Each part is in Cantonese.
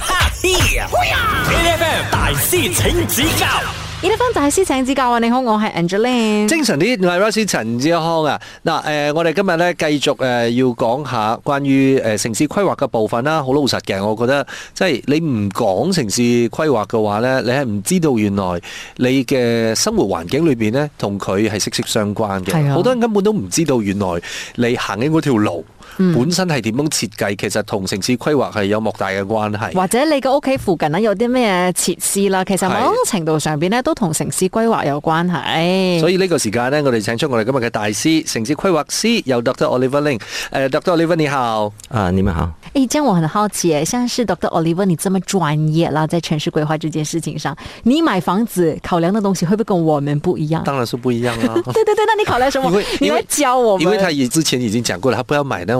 哈！A. F. M. 大師請指教，A. F. M. 大師請指教啊！你好，我係 Angeline 精神啲，係 Rosie 陳志康啊！嗱，誒，我哋今日咧繼續誒，要講下關於誒城市規劃嘅部分啦。好老實嘅，我覺得即係、就是、你唔講城市規劃嘅話咧，你係唔知道原來你嘅生活環境裏邊咧，同佢係息息相關嘅。好的多人根本都唔知道原來你行緊嗰條路。嗯、本身係點樣設計，其實同城市規劃係有莫大嘅關係。或者你個屋企附近咧，有啲咩設施啦，其實某種程度上面都同城市規劃有關係。所以呢個時間呢，我哋請出我哋今日嘅大師城市規劃師，有 Dr. Oliver Ling，uh, Dr. Oliver 你好、啊，你們好。誒、欸，這樣我很好奇、欸，誒，像是 Dr. Oliver 你這麼專業啦，在城市規劃這件事情上，你買房子考量嘅東西，會不會跟我們不一樣？當然是不一樣啦、啊。 對對對，那你考量什麼？你 會教我，因為佢之前已經講過了，他不要買。那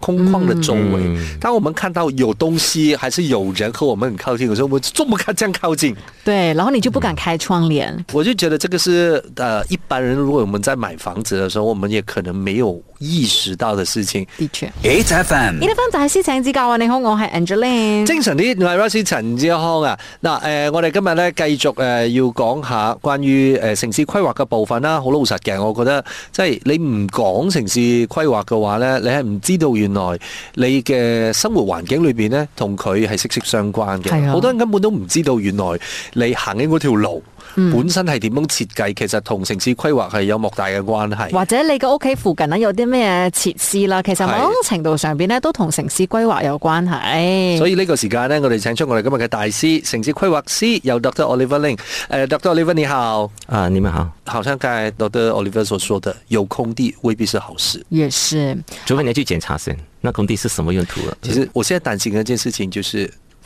空曠的周圍，當我們看到有東西，還是有人和我們很靠近的時候，我們就這麼看這樣靠近。對，然後你就不敢開窗簾。嗯，我就覺得這個是，呃，一般人如果我們在買房子的時候，我們也可能沒有意識到的事情。的確。HFM，你的風水大師請指教啊！你好，我係 Angeline。 精神啲，我係 Russi 陳志康啊。嗱，誒，我哋今日咧繼續誒要講下關於誒城市規劃嘅部分啦。好老實嘅，我覺得即係你唔講城市規劃嘅話咧，你係唔知道完。原來你嘅生活環境裏邊咧，同佢係息息相關嘅。好是、啊、多人根本都唔知道，原來你行緊條路。嗯、本身係點樣設計，其實同城市規劃係有莫大嘅關係。或者你個屋企附近有啲咩設施啦，其實某種程度上面咧都同城市規劃有關係。所以呢個時間咧，我哋請出我哋今日嘅大師，城市規劃師，由 Dr. Oliver Ling，uh, Dr. Oliver 你好，啊，uh, 你們好。好像剛才 Dr. Oliver 所說的，有空地未必是好事，也是。除非你去檢查先，那空地是什麼用途啊？其實，我現在擔心的一件事情就是。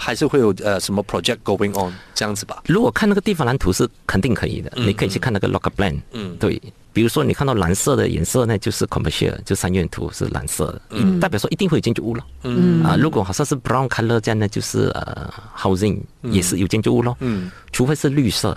還是會有呃什麼 project going on 這樣子吧。如果看那個地方藍圖是肯定可以的，嗯、你可以去看那個 local plan。嗯，對，比如說你看到藍色的顏色呢，那就是 commercial，就三院圖是藍色的。嗯、代表說一定會有建築物咯。嗯，啊，如果好像是 brown color 這樣呢就是呃 housing、嗯、也是有建築物咯。嗯，除非是綠色。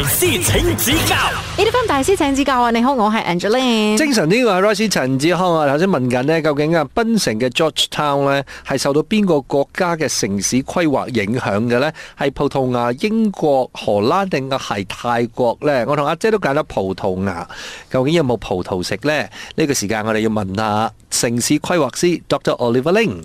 大師請指教，你哋班大師請指教啊！你好，我係 Angeline。精神呢個係 r o s e 陳志康啊，頭先問緊咧，究竟啊，檳城嘅 George Town 咧係受到邊個國家嘅城市規劃影響嘅呢？係葡萄牙、英國、荷蘭定係泰國咧？我同阿姐都揀咗葡萄牙，究竟有冇葡萄食呢？呢個時間我哋要問一下城市規劃師 Dr. Oliver Ling。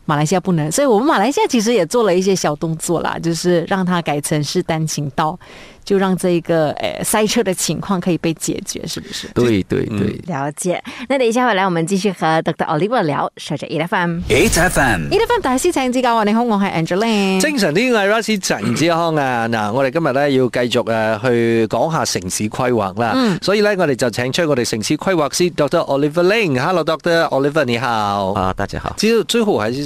馬來西亞不能，所以我們馬來西亞其實也做了一些小動作啦，就是讓它改成是單行道，就讓這個誒、欸、塞車的情況可以被解決，是不是？對對對、嗯，了解。那等一下回來，我們繼續和 Dr. Oliver 聊。說着 Ai FM，Ai FM，大師請指教，你好， 我係 Angeline。精神 r 馬 s 西亞陳志康啊，嗱，我哋今日咧要繼續誒去講下城市規劃啦。嗯、所以咧，我哋就請出我哋城市規劃師 Dr. Oliver Ling。Hello，Dr. Oliver，你好。啊，大家好。最最好還是。